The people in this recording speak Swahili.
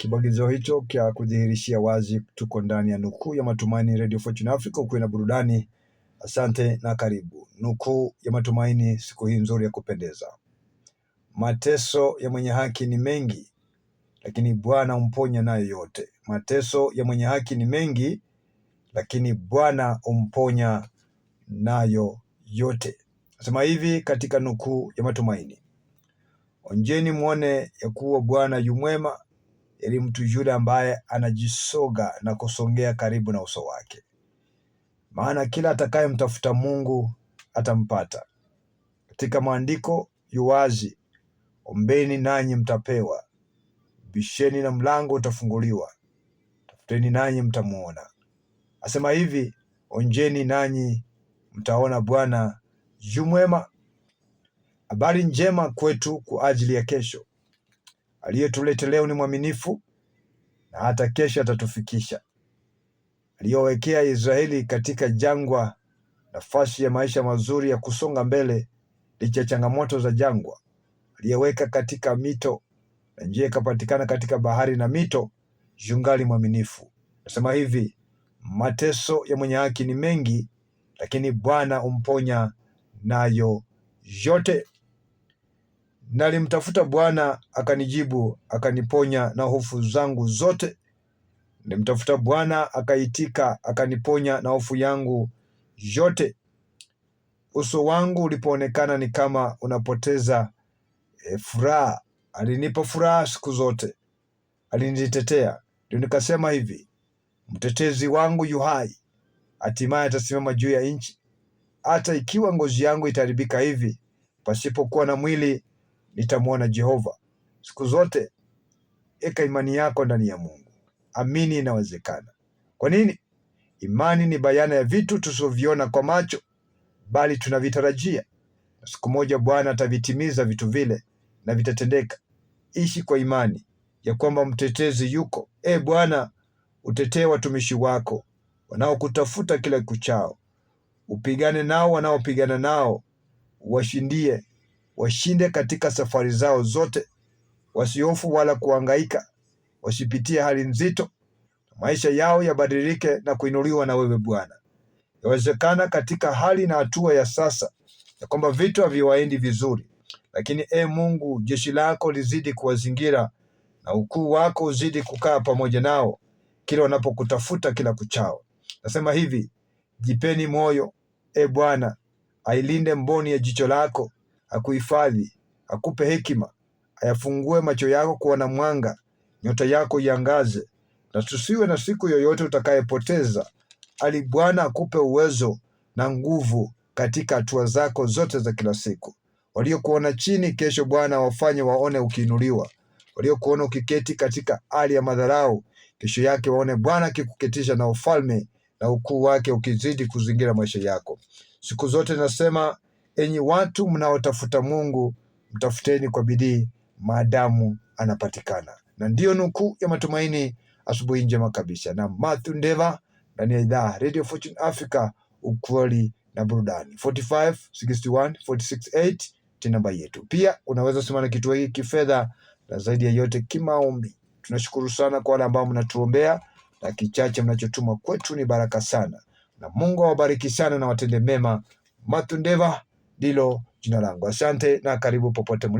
Kibwagizo hicho kya kudhihirishia wazi tuko ndani ya nukuu ya matumaini, Radio Fortune Africa, ukiwe na burudani. Asante na karibu. Nukuu ya matumaini, siku hii nzuri ya kupendeza. Mateso ya mwenye haki ni mengi, lakini Bwana umponya nayo yote. Mateso ya mwenye haki ni mengi, lakini Bwana umponya nayo yote. Nasema hivi katika nukuu ya matumaini: onjeni mwone ya kuwa Bwana yumwema ili yaani mtu yule ambaye anajisoga na kusongea karibu na uso wake, maana kila atakayemtafuta Mungu atampata. Katika maandiko yuwazi, ombeni nanyi mtapewa, bisheni na mlango utafunguliwa, tafuteni nanyi mtamwona. Asema hivi, onjeni nanyi mtaona, Bwana yu mwema. Habari njema kwetu kwa ajili ya kesho. Aliyetuleta leo ni mwaminifu na hata kesho atatufikisha. Aliyowekea Israeli katika jangwa nafasi ya maisha mazuri ya kusonga mbele licha ya changamoto za jangwa, aliyeweka katika mito na njia ikapatikana katika bahari na mito, jungali mwaminifu. Nasema hivi, mateso ya mwenye haki ni mengi, lakini Bwana umponya nayo yote. Nalimtafuta Bwana akanijibu, akaniponya na hofu zangu zote. Nilimtafuta Bwana akaitika, akaniponya na hofu yangu yote. Uso wangu ulipoonekana ni kama unapoteza e, furaha, alinipa furaha siku zote, alinitetea. Ndio nikasema hivi, mtetezi wangu yu hai, hatimaye atasimama juu ya nchi. Hata ikiwa ngozi yangu itaharibika hivi, pasipokuwa na mwili nitamwona Jehova. Siku zote eka imani yako ndani ya Mungu, amini, inawezekana. Kwa nini? Imani ni bayana ya vitu tusivyoviona kwa macho, bali tunavitarajia. Siku moja Bwana atavitimiza vitu vile na vitatendeka. Ishi kwa imani ya kwamba mtetezi yuko. E Bwana, utetee watumishi wako wanaokutafuta kila kuchao, upigane nao wanaopigana nao, washindie washinde katika safari zao zote, wasiofu wala kuangaika wasipitie hali nzito, maisha yao yabadilike na kuinuliwa na wewe Bwana. Yawezekana katika hali na hatua ya sasa ya kwamba vitu haviwaendi vizuri, lakini e Mungu, jeshi lako lizidi kuwazingira na ukuu wako uzidi kukaa pamoja nao kila wanapokutafuta kila kuchao. Nasema hivi, jipeni moyo e Bwana, ailinde mboni ya jicho lako akuhifadhi, akupe hekima, ayafungue macho yako kuona mwanga, nyota yako iangaze, na tusiwe na siku yoyote utakayepoteza. Ali Bwana akupe uwezo na nguvu katika hatua zako zote za kila siku. Waliokuona chini kesho, Bwana wafanye waone ukiinuliwa. Waliokuona ukiketi katika hali ya madharau, kesho yake waone Bwana akikuketisha na ufalme na ukuu wake ukizidi kuzingira maisha yako siku zote. Nasema enyi watu mnaotafuta Mungu, mtafuteni kwa bidii maadamu anapatikana. Na ndiyo nukuu ya matumaini. Asubuhi njema kabisa na Mathew Ndeva ndani ya idhaa Radio Fortune Africa, ukweli na burudani 45 61 468 ni namba yetu. Pia unaweza simama na kituo hiki kifedha na zaidi ya yote kimaombi. Tunashukuru sana kwa wale ambao mnatuombea na kichache mnachotuma kwetu ni baraka sana, na Mungu awabariki sana na watende mema. Mathew Ndeva ndilo jina langu. Asante na karibu popote.